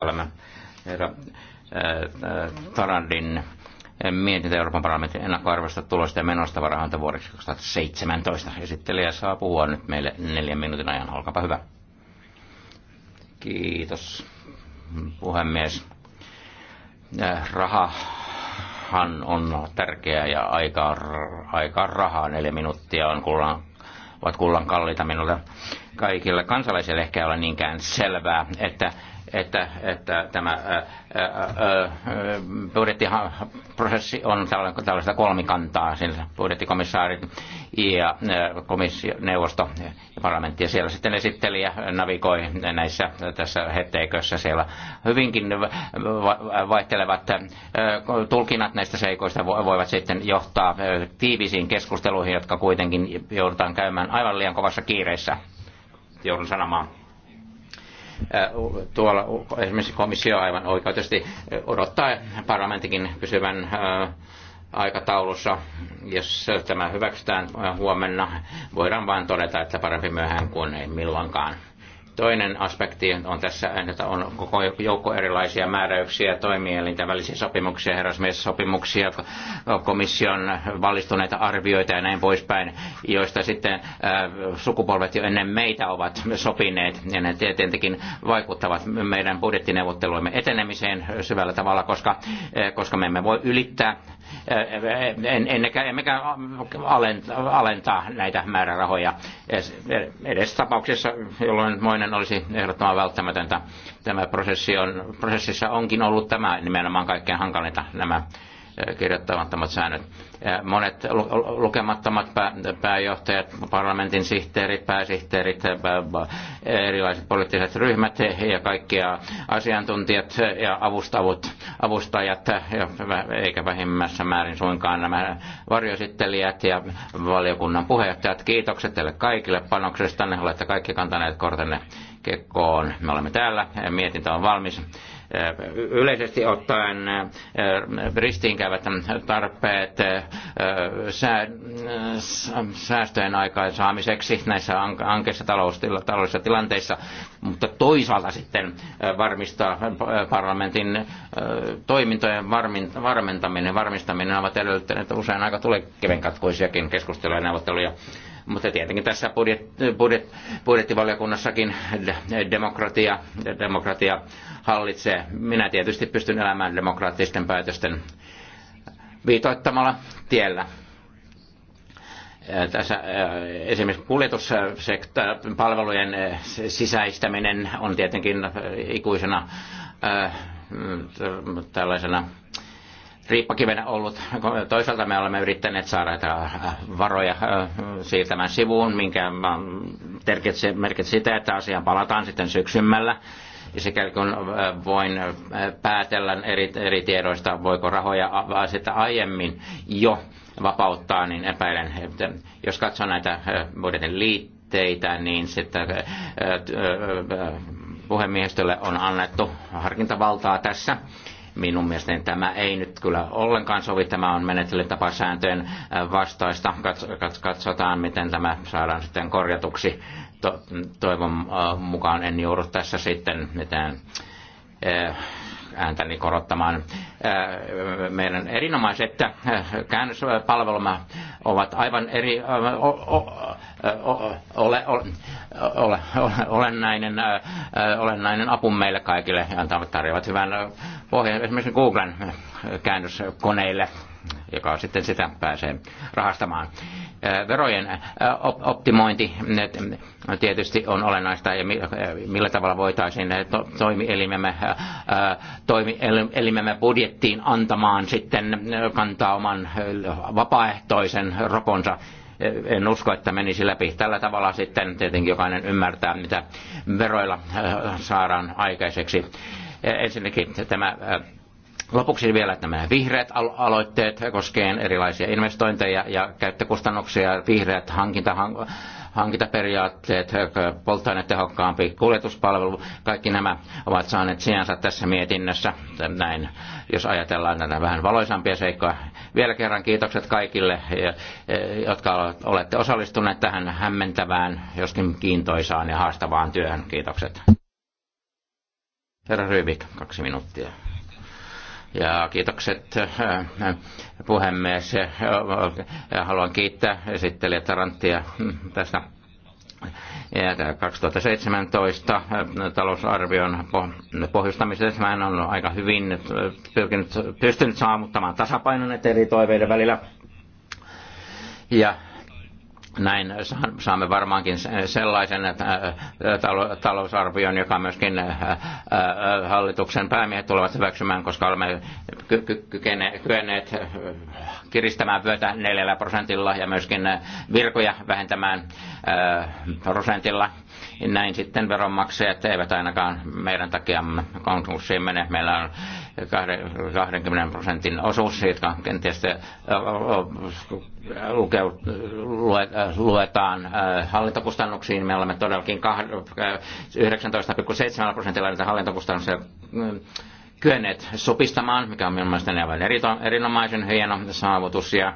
olemme herra äh, äh, Tarandin äh, mietintö Euroopan parlamentin ennakkoarvosta tulosta ja menosta varahanta vuodeksi 2017. Esittelijä saa puhua nyt meille neljän minuutin ajan. Olkaapa hyvä. Kiitos, puhemies. Rahahan on tärkeä ja aika, aika rahaa. Neljä minuuttia on kullan, ovat kullan kalliita minulle. Kaikille kansalaisille ehkä ole niinkään selvää, että että, että tämä budjettiprosessi on tällaista kolmikantaa, siis budjettikomissaarit ja komissio, neuvosto ja parlamentti ja siellä sitten esittelijä navigoi näissä tässä hetteikössä siellä hyvinkin vaihtelevat tulkinnat näistä seikoista voivat sitten johtaa tiivisiin keskusteluihin, jotka kuitenkin joudutaan käymään aivan liian kovassa kiireessä joudun sanomaan tuolla esimerkiksi komissio aivan oikeutusti odottaa parlamentikin pysyvän aikataulussa. Jos tämä hyväksytään huomenna, voidaan vain todeta, että parempi myöhään kuin ei milloinkaan. Toinen aspekti on tässä, että on koko joukko erilaisia määräyksiä, toimielinten välisiä sopimuksia, herrasmiessopimuksia, komission valistuneita arvioita ja näin poispäin, joista sitten äh, sukupolvet jo ennen meitä ovat sopineet. Ja ne tietenkin vaikuttavat meidän budjettineuvotteluimme etenemiseen syvällä tavalla, koska, äh, koska me emme voi ylittää äh, en, ennekä, emmekä alentaa näitä määrärahoja edes tapauksessa, jolloin moinen Tällainen olisi ehdottoman välttämätöntä. Tämä prosessi on, prosessissa onkin ollut tämä nimenomaan kaikkein hankalinta, nämä kirjoittamattomat säännöt. Monet lukemattomat pääjohtajat, parlamentin sihteerit, pääsihteerit, äh, erilaiset poliittiset ryhmät ja kaikkia asiantuntijat ja avustavut, avustajat, eikä vähimmässä määrin suinkaan nämä varjosittelijät ja valiokunnan puheenjohtajat. Kiitokset teille kaikille panoksesta. Olette kaikki kantaneet kortenne kekkoon. Me olemme täällä. Mietintö on valmis yleisesti ottaen ristiinkäyvät tarpeet säästöjen aikaansaamiseksi näissä ankeissa taloudellisissa tilanteissa, mutta toisaalta sitten varmistaa parlamentin toimintojen varmentaminen, varmistaminen ovat edellyttäneet usein aika tulee kevenkatkuisiakin keskusteluja ja neuvotteluja mutta tietenkin tässä budjet, budjet, budjettivaliokunnassakin demokratia, demokratia hallitsee. Minä tietysti pystyn elämään demokraattisten päätösten viitoittamalla tiellä tässä esimerkiksi kuljetuspalvelujen sisäistäminen on tietenkin ikuisena tällaisena riippakivenä ollut. Toisaalta me olemme yrittäneet saada äh, varoja äh, siirtämään sivuun, minkä merkitsi sitä, että asiaan palataan sitten syksymällä. Ja sikäli kun äh, voin päätellä eri, eri tiedoista, voiko rahoja sitä aiemmin jo vapauttaa, niin epäilen, että jos katsoo näitä budjetin liitteitä, niin sitten puhemiehistölle on annettu harkintavaltaa tässä Minun mielestäni tämä ei nyt kyllä ollenkaan sovi. Tämä on menettelytapasääntöjen äh, vastaista. Katsotaan, miten tämä saadaan sitten korjatuksi. Toivon äh, mukaan en joudu tässä sitten mitään äh, ääntäni niin korottamaan. Meidän erinomaiset käännöspalvelumme ovat aivan eri olennainen, olennainen apu meille kaikille ja tarjoavat hyvän pohjan esimerkiksi Googlen käännöskoneille joka sitten sitä pääsee rahastamaan. Verojen optimointi tietysti on olennaista ja millä tavalla voitaisiin toimielimemme, toimielimemme budjettiin antamaan sitten kantaa oman vapaaehtoisen roponsa en usko, että menisi läpi. Tällä tavalla sitten tietenkin jokainen ymmärtää, mitä veroilla saadaan aikaiseksi. Ensinnäkin tämä Lopuksi vielä nämä vihreät aloitteet koskien erilaisia investointeja ja käyttökustannuksia, vihreät hankinta, hankintaperiaatteet, polttoainetehokkaampi kuljetuspalvelu, kaikki nämä ovat saaneet sijansa tässä mietinnössä. Näin, jos ajatellaan näitä vähän valoisampia seikkoja. Vielä kerran kiitokset kaikille, jotka olette osallistuneet tähän hämmentävään, joskin kiintoisaan ja haastavaan työhön. Kiitokset. Herra Rybik, kaksi minuuttia. Ja kiitokset äh, puhemies. Äh, äh, haluan kiittää esittelijä Taranttia tästä 2017 talousarvion pohjustamisessa en on aika hyvin pyrkinyt, pystynyt saavuttamaan tasapainon eri toiveiden välillä. Ja näin saamme varmaankin sellaisen äh, talousarvion, joka myöskin äh, äh, hallituksen päämiehet tulevat hyväksymään, koska olemme kyenneet kiristämään vyötä neljällä prosentilla ja myöskin virkoja vähentämään prosentilla näin sitten veronmaksajat eivät ainakaan meidän takia, konkurssiin mene. Meillä on 20 prosentin osuus, jotka kenties luetaan hallintokustannuksiin. Me olemme todellakin 19,7 prosentilla niitä hallintokustannuksia kyenneet sopistamaan, mikä on minun mielestäni aivan erinomaisen hieno saavutus. Ja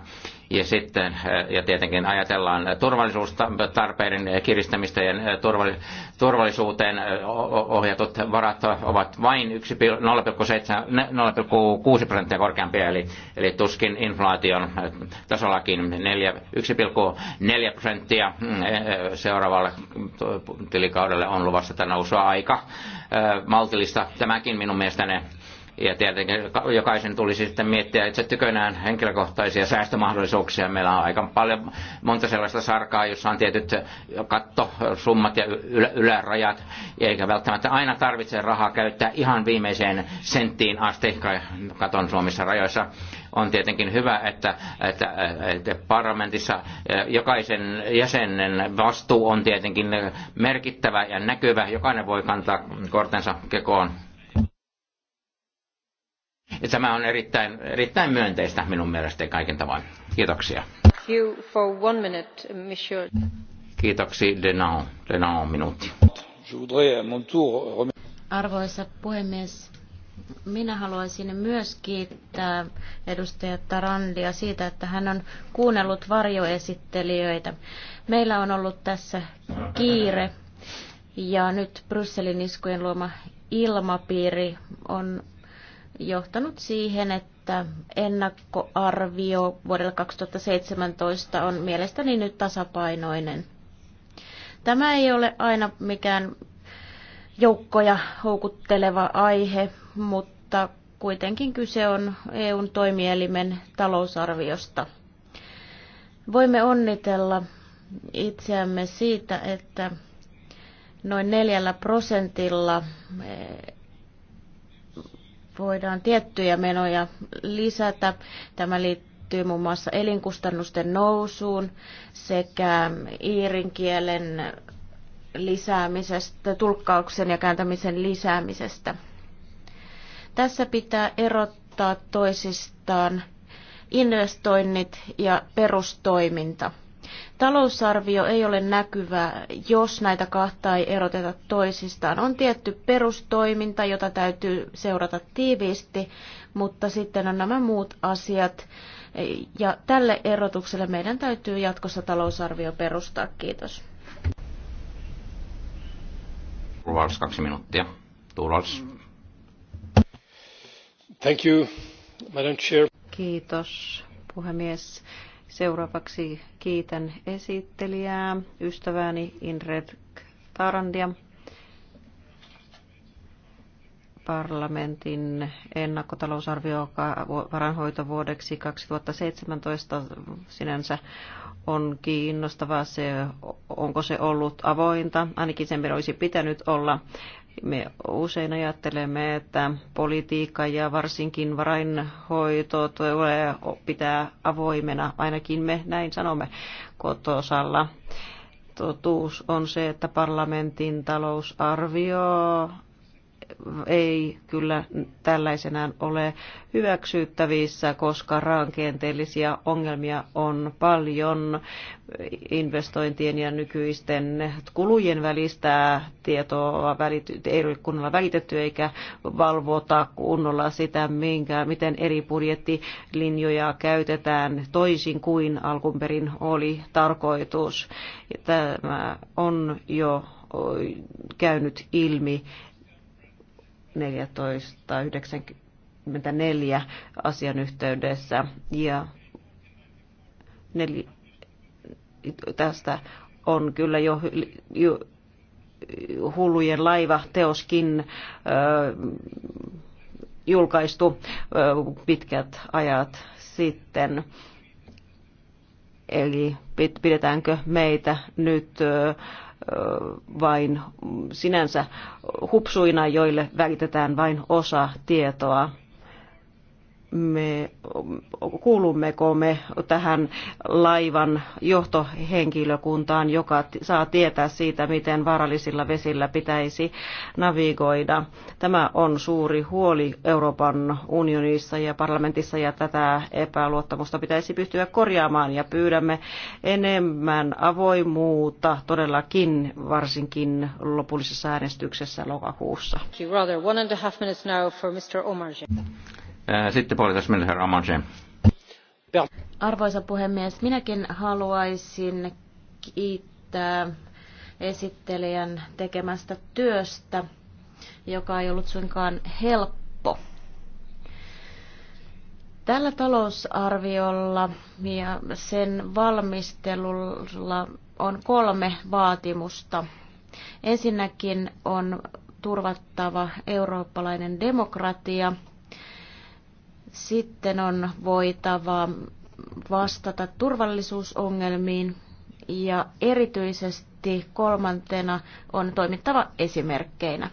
ja sitten, ja tietenkin ajatellaan turvallisuustarpeiden kiristämistä ja turvallisuuteen ohjatut varat ovat vain 0,6 prosenttia korkeampia, eli, eli tuskin inflaation tasollakin 1,4 prosenttia seuraavalle tilikaudelle on luvassa tätä nousua aika maltillista. Tämäkin minun mielestäni ja tietenkin jokaisen tulisi sitten miettiä itse tykönään henkilökohtaisia säästömahdollisuuksia. Meillä on aika paljon monta sellaista sarkaa, jossa on tietyt kattosummat ja ylärajat, eikä välttämättä aina tarvitse rahaa käyttää ihan viimeiseen senttiin asti katon Suomessa rajoissa on tietenkin hyvä, että, että, että parlamentissa jokaisen jäsenen vastuu on tietenkin merkittävä ja näkyvä. Jokainen voi kantaa kortensa kekoon ja tämä on erittäin, erittäin myönteistä minun mielestäni kaiken tavoin. Kiitoksia. Kiitoksia, Denao. Denao minuutti. Arvoisa puhemies, minä haluaisin myös kiittää edustaja Tarandia siitä, että hän on kuunnellut varjoesittelijöitä. Meillä on ollut tässä kiire ja nyt Brysselin iskujen luoma ilmapiiri on johtanut siihen, että ennakkoarvio vuodelle 2017 on mielestäni nyt tasapainoinen. Tämä ei ole aina mikään joukkoja houkutteleva aihe, mutta kuitenkin kyse on EUn toimielimen talousarviosta. Voimme onnitella itseämme siitä, että noin neljällä prosentilla voidaan tiettyjä menoja lisätä. Tämä liittyy muun muassa elinkustannusten nousuun sekä iirin kielen lisäämisestä, tulkkauksen ja kääntämisen lisäämisestä. Tässä pitää erottaa toisistaan investoinnit ja perustoiminta. Talousarvio ei ole näkyvä, jos näitä kahta ei eroteta toisistaan. On tietty perustoiminta, jota täytyy seurata tiiviisti, mutta sitten on nämä muut asiat. Ja tälle erotukselle meidän täytyy jatkossa talousarvio perustaa. Kiitos. Turvals kaksi minuuttia. Turvals. Thank you, Madam Chair. Kiitos, puhemies. Seuraavaksi kiitän esittelijää, ystävääni Inred Tarandia, parlamentin ennakkotalousarvio varanhoitovuodeksi 2017 sinänsä on kiinnostavaa se, onko se ollut avointa. Ainakin sen olisi pitänyt olla. Me usein ajattelemme, että politiikka ja varsinkin varainhoito tulee pitää avoimena, ainakin me näin sanomme kotosalla. Totuus on se, että parlamentin talousarvio ei kyllä tällaisenaan ole hyväksyttävissä, koska rakenteellisia ongelmia on paljon investointien ja nykyisten kulujen välistä tietoa ei ole kunnolla välitetty eikä valvota kunnolla sitä, minkä, miten eri budjettilinjoja käytetään toisin kuin perin oli tarkoitus. Tämä on jo käynyt ilmi 1494 asian yhteydessä ja neli, tästä on kyllä jo, jo hullujen laiva teoskin ö, julkaistu ö, pitkät ajat sitten. Eli pidetäänkö meitä nyt ö, vain sinänsä hupsuina, joille välitetään vain osa tietoa me, kuulummeko me tähän laivan johtohenkilökuntaan, joka saa tietää siitä, miten vaarallisilla vesillä pitäisi navigoida. Tämä on suuri huoli Euroopan unionissa ja parlamentissa ja tätä epäluottamusta pitäisi pystyä korjaamaan ja pyydämme enemmän avoimuutta todellakin varsinkin lopullisessa äänestyksessä lokakuussa. Äh, sitten puolitoista minuuttia Arvoisa puhemies, minäkin haluaisin kiittää esittelijän tekemästä työstä, joka ei ollut suinkaan helppo. Tällä talousarviolla ja sen valmistelulla on kolme vaatimusta. Ensinnäkin on turvattava eurooppalainen demokratia – sitten on voitava vastata turvallisuusongelmiin ja erityisesti kolmantena on toimittava esimerkkeinä.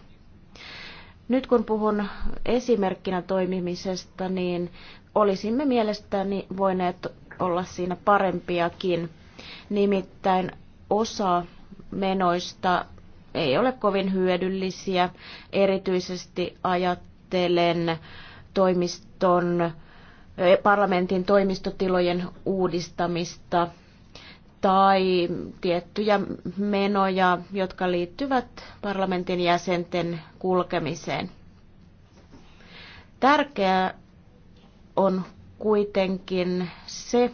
Nyt kun puhun esimerkkinä toimimisesta, niin olisimme mielestäni voineet olla siinä parempiakin. Nimittäin osa menoista ei ole kovin hyödyllisiä, erityisesti ajattelen toimiston, eh, parlamentin toimistotilojen uudistamista tai tiettyjä menoja, jotka liittyvät parlamentin jäsenten kulkemiseen. Tärkeää on kuitenkin se,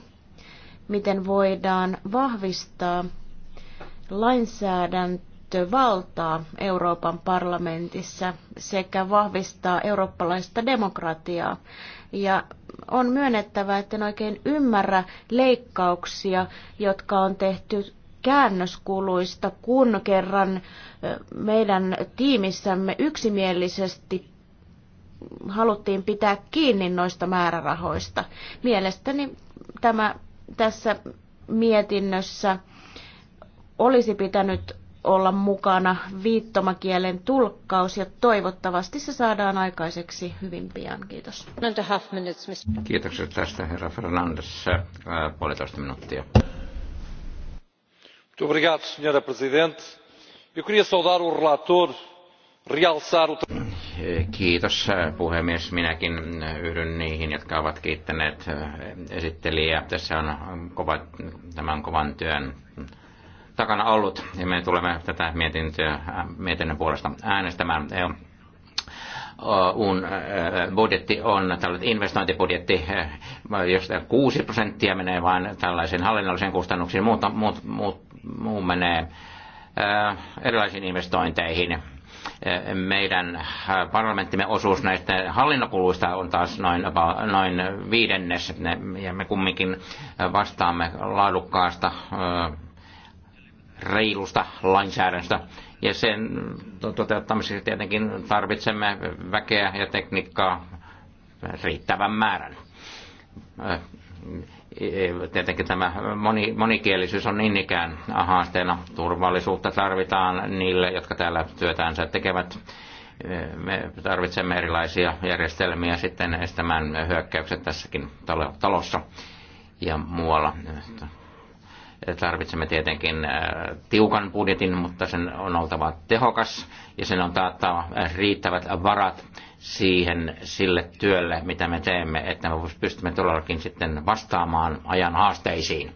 miten voidaan vahvistaa lainsäädäntöä valtaa Euroopan parlamentissa sekä vahvistaa eurooppalaista demokratiaa. Ja on myönnettävä, että en oikein ymmärrä leikkauksia, jotka on tehty käännöskuluista, kun kerran meidän tiimissämme yksimielisesti haluttiin pitää kiinni noista määrärahoista. Mielestäni tämä tässä mietinnössä olisi pitänyt olla mukana viittomakielen tulkkaus ja toivottavasti se saadaan aikaiseksi hyvin pian. Kiitos. Kiitokset tästä herra Fernandes. Äh, puolitoista minuuttia. Muito obrigado, senhora Presidente. Eu queria saudar o relator, realçar o... Kiitos äh, puhemies. Minäkin yhdyn niihin, jotka ovat kiittäneet äh, esittelijää. Tässä on kova, tämän kovan työn takana ollut, ja me tulemme tätä mietintöä, äh, mietinnön puolesta äänestämään. Äh, Un äh, budjetti on tällainen investointibudjetti, josta 6 prosenttia menee vain tällaisiin hallinnollisiin kustannuksiin, muut muut, muut, muu menee erilaisiin investointeihin. Meidän parlamenttimme osuus näistä hallinnokuluista on taas noin, noin viidennes, ja me kumminkin vastaamme laadukkaasta reilusta lainsäädännöstä. Ja sen toteuttamiseksi tietenkin tarvitsemme väkeä ja tekniikkaa riittävän määrän. Tietenkin tämä moni, monikielisyys on niin ikään haasteena. Turvallisuutta tarvitaan niille, jotka täällä työtänsä tekevät. Me tarvitsemme erilaisia järjestelmiä sitten estämään hyökkäykset tässäkin talossa ja muualla Tarvitsemme tietenkin äh, tiukan budjetin, mutta sen on oltava tehokas ja sen on taattava riittävät varat siihen sille työlle, mitä me teemme, että me pystymme todellakin sitten vastaamaan ajan haasteisiin.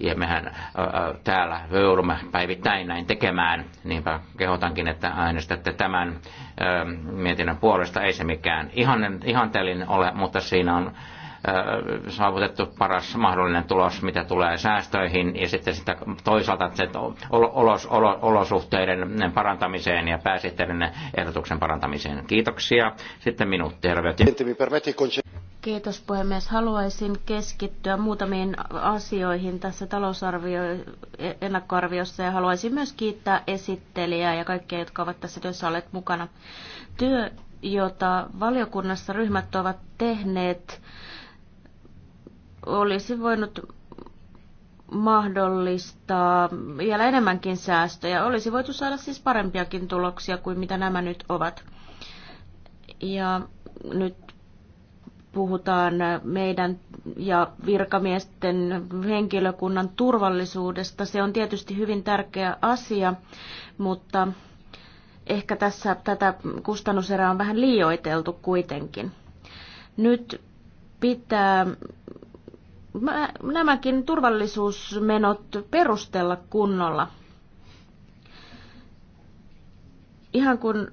Ja mehän äh, äh, täällä joudumme päivittäin näin tekemään, niinpä kehotankin, että äänestätte tämän mietinnön puolesta. Ei se mikään ihanen, ihantelin ole, mutta siinä on saavutettu paras mahdollinen tulos, mitä tulee säästöihin ja sitten sitä toisaalta se olos, olos, olosuhteiden parantamiseen ja pääsihteiden ehdotuksen parantamiseen. Kiitoksia. Sitten minuutti, Kiitos puhemies. Haluaisin keskittyä muutamiin asioihin tässä talousarvio e- ennakkoarviossa ja haluaisin myös kiittää esittelijää ja kaikkia, jotka ovat tässä työssä olleet mukana. Työ, jota valiokunnassa ryhmät ovat tehneet, olisi voinut mahdollistaa vielä enemmänkin säästöjä. Olisi voitu saada siis parempiakin tuloksia kuin mitä nämä nyt ovat. Ja nyt puhutaan meidän ja virkamiesten henkilökunnan turvallisuudesta. Se on tietysti hyvin tärkeä asia, mutta ehkä tässä tätä kustannuserää on vähän liioiteltu kuitenkin. Nyt pitää nämäkin turvallisuusmenot perustella kunnolla. Ihan kun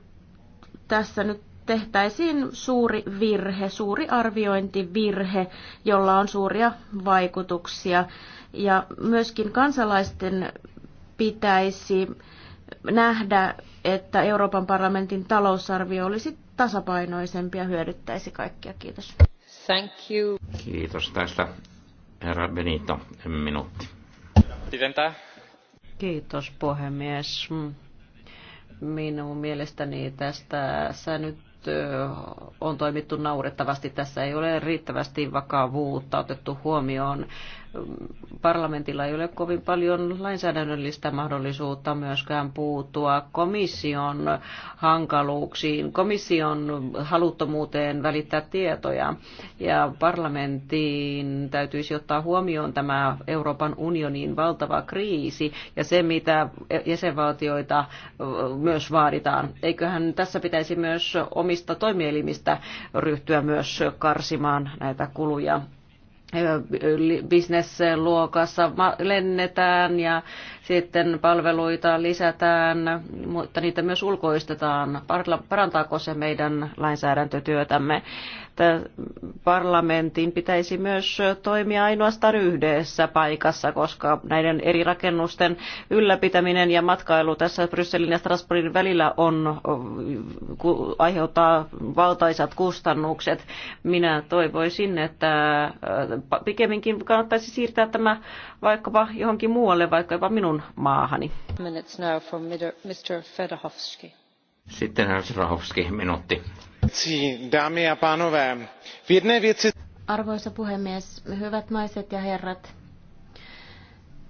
tässä nyt tehtäisiin suuri virhe, suuri arviointivirhe, jolla on suuria vaikutuksia. Ja myöskin kansalaisten pitäisi nähdä, että Euroopan parlamentin talousarvio olisi tasapainoisempi ja hyödyttäisi kaikkia. Kiitos. Thank you. Kiitos tästä Herra Benito, minuutti. Kiitos puhemies. Minun mielestäni tästä sä nyt on toimittu naurettavasti. Tässä ei ole riittävästi vakavuutta otettu huomioon Parlamentilla ei ole kovin paljon lainsäädännöllistä mahdollisuutta myöskään puuttua komission hankaluuksiin, komission haluttomuuteen välittää tietoja. Ja parlamenttiin täytyisi ottaa huomioon tämä Euroopan unionin valtava kriisi ja se, mitä jäsenvaltioita myös vaaditaan. Eiköhän tässä pitäisi myös omista toimielimistä ryhtyä myös karsimaan näitä kuluja bisnesluokassa lennetään ja sitten palveluita lisätään, mutta niitä myös ulkoistetaan. Parantaako se meidän lainsäädäntötyötämme? Parlamentin pitäisi myös toimia ainoastaan yhdessä paikassa, koska näiden eri rakennusten ylläpitäminen ja matkailu tässä Brysselin ja Strasbourgin välillä on, aiheuttaa valtaisat kustannukset. Minä toivoisin, että pikemminkin kannattaisi siirtää tämä vaikkapa johonkin muualle, vaikka jopa minun maahani. Sitten herra Rahovski, minuutti. Dámy a pánové, v jedné Arvoisa puhemies, hyvät naiset ja herrat,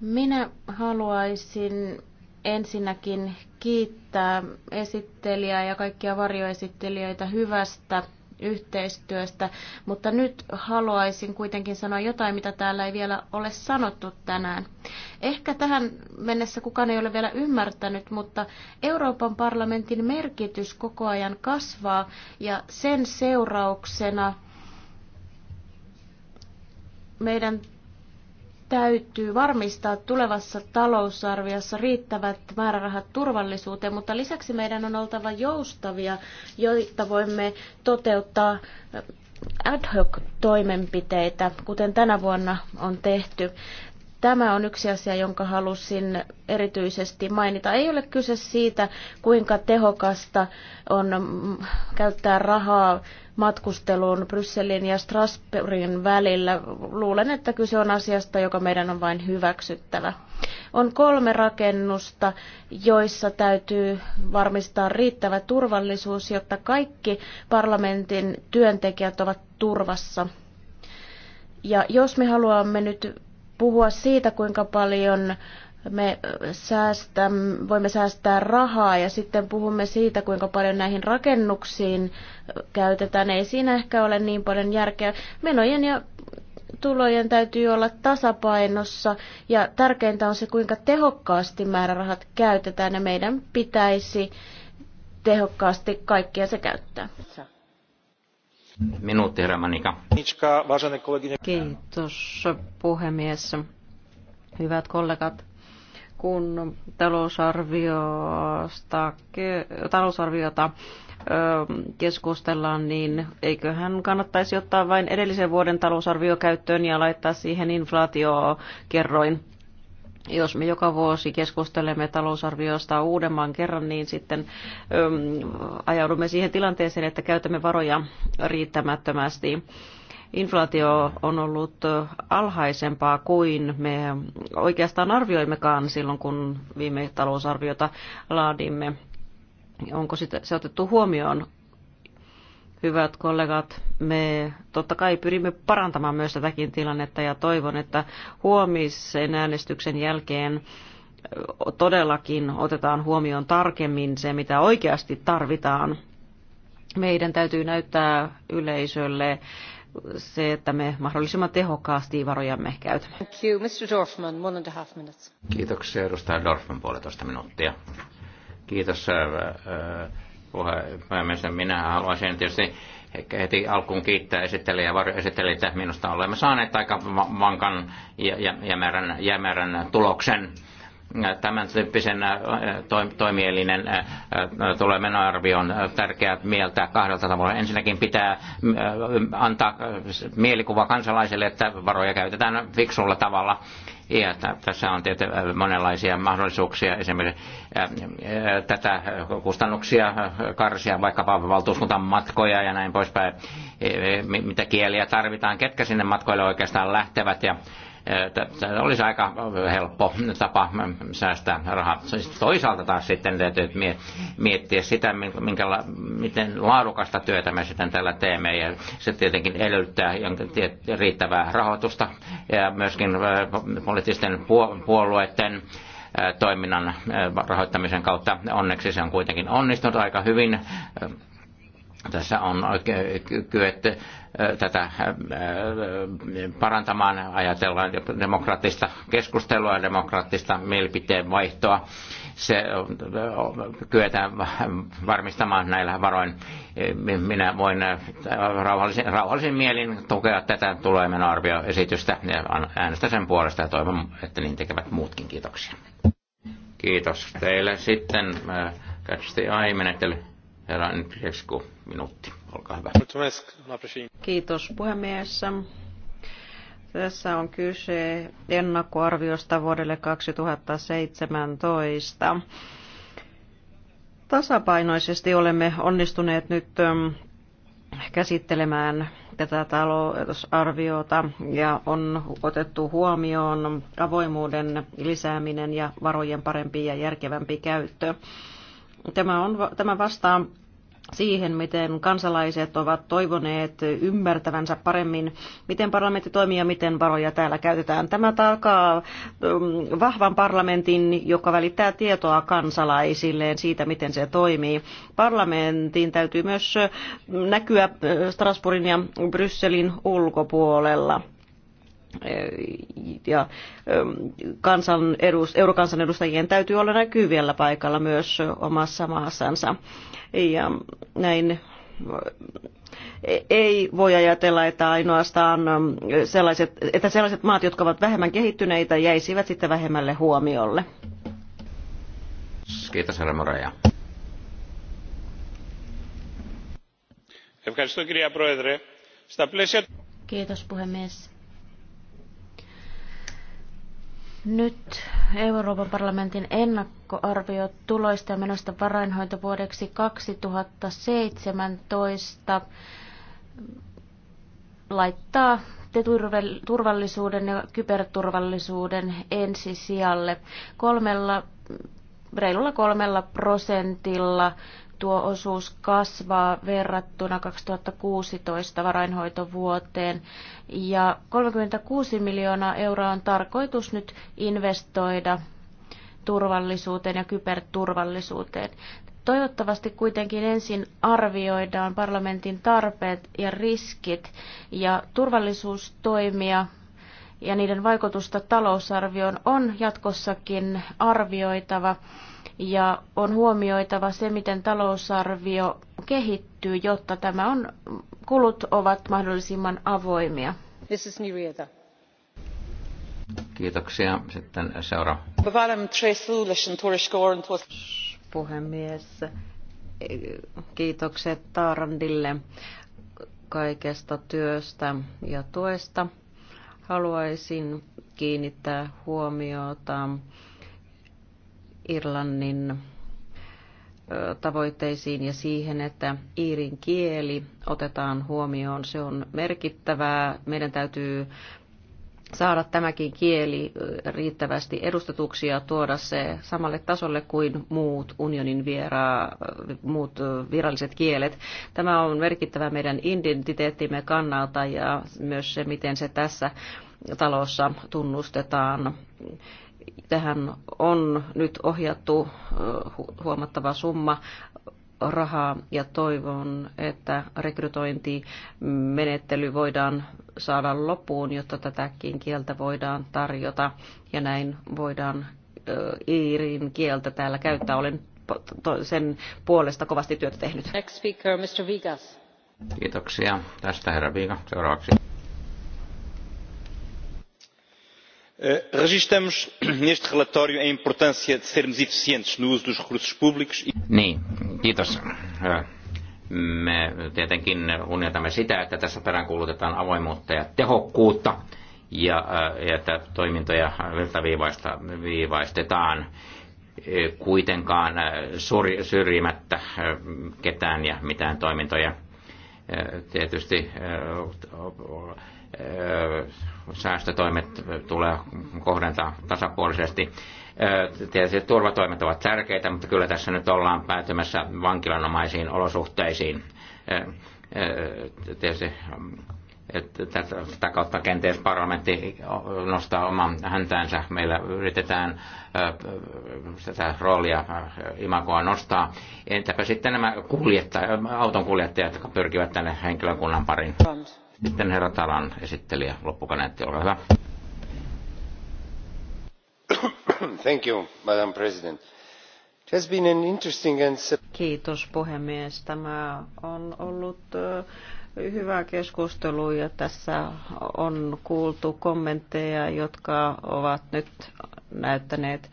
minä haluaisin ensinnäkin kiittää esittelijää ja kaikkia varjoesittelijöitä hyvästä yhteistyöstä, mutta nyt haluaisin kuitenkin sanoa jotain, mitä täällä ei vielä ole sanottu tänään. Ehkä tähän mennessä kukaan ei ole vielä ymmärtänyt, mutta Euroopan parlamentin merkitys koko ajan kasvaa ja sen seurauksena meidän täytyy varmistaa tulevassa talousarviossa riittävät määrärahat turvallisuuteen, mutta lisäksi meidän on oltava joustavia, joita voimme toteuttaa ad hoc toimenpiteitä, kuten tänä vuonna on tehty. Tämä on yksi asia, jonka halusin erityisesti mainita. Ei ole kyse siitä, kuinka tehokasta on käyttää rahaa matkusteluun Brysselin ja Strasbourgin välillä. Luulen, että kyse on asiasta, joka meidän on vain hyväksyttävä. On kolme rakennusta, joissa täytyy varmistaa riittävä turvallisuus, jotta kaikki parlamentin työntekijät ovat turvassa. Ja jos me haluamme nyt puhua siitä, kuinka paljon me säästämme, voimme säästää rahaa ja sitten puhumme siitä, kuinka paljon näihin rakennuksiin käytetään. Ei siinä ehkä ole niin paljon järkeä. Menojen ja tulojen täytyy olla tasapainossa ja tärkeintä on se, kuinka tehokkaasti määrärahat käytetään ja meidän pitäisi tehokkaasti kaikkia se käyttää. Minuutti, herra Manika. Kiitos, puhemies. Hyvät kollegat, kun talousarviosta, talousarviota keskustellaan, niin eiköhän kannattaisi ottaa vain edellisen vuoden talousarvio käyttöön ja laittaa siihen inflaatiokerroin jos me joka vuosi keskustelemme talousarviosta uudemman kerran, niin sitten äm, ajaudumme siihen tilanteeseen, että käytämme varoja riittämättömästi. Inflaatio on ollut alhaisempaa kuin me oikeastaan arvioimmekaan silloin, kun viime talousarviota laadimme. Onko sitä, se otettu huomioon Hyvät kollegat, me totta kai pyrimme parantamaan myös tätäkin tilannetta ja toivon, että huomisen äänestyksen jälkeen todellakin otetaan huomioon tarkemmin se, mitä oikeasti tarvitaan. Meidän täytyy näyttää yleisölle se, että me mahdollisimman tehokkaasti varojamme käytämme. Thank you. Mr. Dorfman, one and a half minutes. Kiitoksia edustaja Dorfman puolitoista minuuttia. Kiitos. Äh, äh, puhemies. Minä haluaisin tietysti heti alkuun kiittää esittelijä ja että Minusta olemme saaneet aika vankan jämerän, jämärän tuloksen tämän tyyppisen toimielinen tulee menoarvioon tärkeät mieltä kahdelta tavalla. Ensinnäkin pitää antaa mielikuva kansalaiselle, että varoja käytetään fiksulla tavalla ja tässä on tietysti äh, monenlaisia mahdollisuuksia, esimerkiksi äh, äh, tätä kustannuksia karsia, vaikkapa valtuuskunnan matkoja ja näin poispäin, mitä kieliä tarvitaan, ketkä sinne matkoille oikeastaan lähtevät ja Tämä olisi aika helppo tapa säästää rahaa. Siis toisaalta taas sitten täytyy miettiä sitä, minkäla, miten laadukasta työtä me sitten tällä teemme. Ja se tietenkin edellyttää riittävää rahoitusta ja myöskin poliittisten puolueiden toiminnan rahoittamisen kautta. Onneksi se on kuitenkin onnistunut aika hyvin. Tässä on kyetty tätä parantamaan. Ajatellaan demokraattista keskustelua, demokraattista mielipiteen vaihtoa. Se kyetään varmistamaan näillä varoin. Minä voin rauhallisin, rauhallisin mielin tukea tätä tulemen arvioesitystä ja äänestä sen puolesta ja toivon, että niin tekevät muutkin. Kiitoksia. Kiitos teille. Sitten Catch the eye Herra Nytresku, minuutti arvoisa Kiitos puhemies. Tässä on kyse ennakkoarviosta vuodelle 2017. Tasapainoisesti olemme onnistuneet nyt ähm, käsittelemään tätä talousarviota ja on otettu huomioon avoimuuden lisääminen ja varojen parempi ja järkevämpi käyttö. Tämä, on, tämä vastaa siihen, miten kansalaiset ovat toivoneet ymmärtävänsä paremmin, miten parlamentti toimii ja miten varoja täällä käytetään. Tämä takaa mm, vahvan parlamentin, joka välittää tietoa kansalaisilleen siitä, miten se toimii. Parlamentin täytyy myös näkyä mm, Strasbourgin ja Brysselin ulkopuolella ja kansan eurokansanedustajien täytyy olla näkyvillä paikalla myös omassa maassansa. Ja näin e, ei voi ajatella, että ainoastaan sellaiset, että sellaiset maat, jotka ovat vähemmän kehittyneitä, jäisivät sitten vähemmälle huomiolle. Kiitos, herra Moreja. Kiitos, puhemies Nyt Euroopan parlamentin ennakkoarvio tuloista ja menosta varainhoitovuodeksi 2017 laittaa turvallisuuden ja kyberturvallisuuden ensisijalle kolmella, reilulla kolmella prosentilla tuo osuus kasvaa verrattuna 2016 varainhoitovuoteen. Ja 36 miljoonaa euroa on tarkoitus nyt investoida turvallisuuteen ja kyberturvallisuuteen. Toivottavasti kuitenkin ensin arvioidaan parlamentin tarpeet ja riskit ja turvallisuustoimia ja niiden vaikutusta talousarvioon on jatkossakin arvioitava ja on huomioitava se, miten talousarvio kehittyy, jotta tämä on, kulut ovat mahdollisimman avoimia. Mrs. Nirieta. Kiitoksia. Sitten seuraava. Puhemies, kiitokset Taarandille kaikesta työstä ja tuesta. Haluaisin kiinnittää huomiota Irlannin tavoitteisiin ja siihen, että iirin kieli otetaan huomioon. Se on merkittävää. Meidän täytyy saada tämäkin kieli riittävästi edustetuksi ja tuoda se samalle tasolle kuin muut unionin viera, muut viralliset kielet. Tämä on merkittävä meidän identiteettimme kannalta ja myös se, miten se tässä talossa tunnustetaan Tähän on nyt ohjattu huomattava summa rahaa ja toivon, että rekrytointimenettely voidaan saada loppuun, jotta tätäkin kieltä voidaan tarjota ja näin voidaan Iirin kieltä täällä käyttää. Olen sen puolesta kovasti työtä tehnyt. Next speaker, Mr. Vigas. Kiitoksia. Tästä herra Viiga. Seuraavaksi. Eh, Registramos neste relatório a importância de sermos eficientes no uso dos recursos públicos. e. Niin, kiitos. Me tietenkin uneltamme sitä, että tässä peräänkuulutetaan avoimuutta ja tehokkuutta ja eh, että toimintoja virtaviivaistetaan eh, kuitenkaan syrjimättä ketään ja mitään toimintoja. Tietysti säästötoimet tulee kohdentaa tasapuolisesti. Tietysti turvatoimet ovat tärkeitä, mutta kyllä tässä nyt ollaan päätymässä vankilanomaisiin olosuhteisiin. Tietysti tätä kautta kenties parlamentti nostaa oman häntäänsä. Meillä yritetään tätä roolia imakoa nostaa. Entäpä sitten nämä kuljettajat, auton kuljettajat, jotka pyrkivät tänne henkilökunnan pariin? Sitten herra Talan esittelijä, loppukaneetti, olkaa hyvä. Thank you, Madam President. Kiitos puhemies. Tämä on ollut hyvä keskustelu ja tässä on kuultu kommentteja, jotka ovat nyt näyttäneet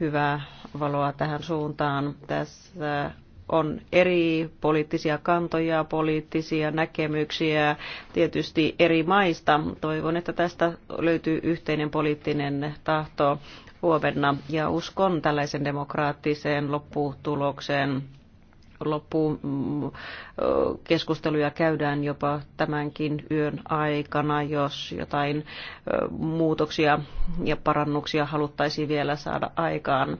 hyvää valoa tähän suuntaan. Tässä on eri poliittisia kantoja, poliittisia näkemyksiä tietysti eri maista. Toivon, että tästä löytyy yhteinen poliittinen tahto huomenna ja uskon tällaisen demokraattiseen lopputulokseen Loppukeskusteluja keskusteluja käydään jopa tämänkin yön aikana, jos jotain muutoksia ja parannuksia haluttaisiin vielä saada aikaan.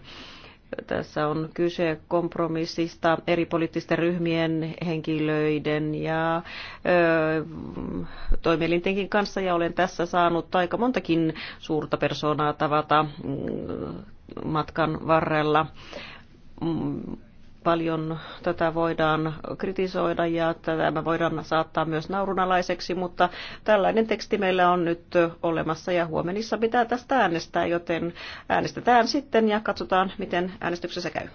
Tässä on kyse kompromissista eri poliittisten ryhmien, henkilöiden ja ö, toimielintenkin kanssa ja olen tässä saanut aika montakin suurta persoonaa tavata mm, matkan varrella mm, Paljon tätä voidaan kritisoida ja tämä voidaan saattaa myös naurunalaiseksi, mutta tällainen teksti meillä on nyt olemassa ja huomenissa pitää tästä äänestää, joten äänestetään sitten ja katsotaan, miten äänestyksessä käy.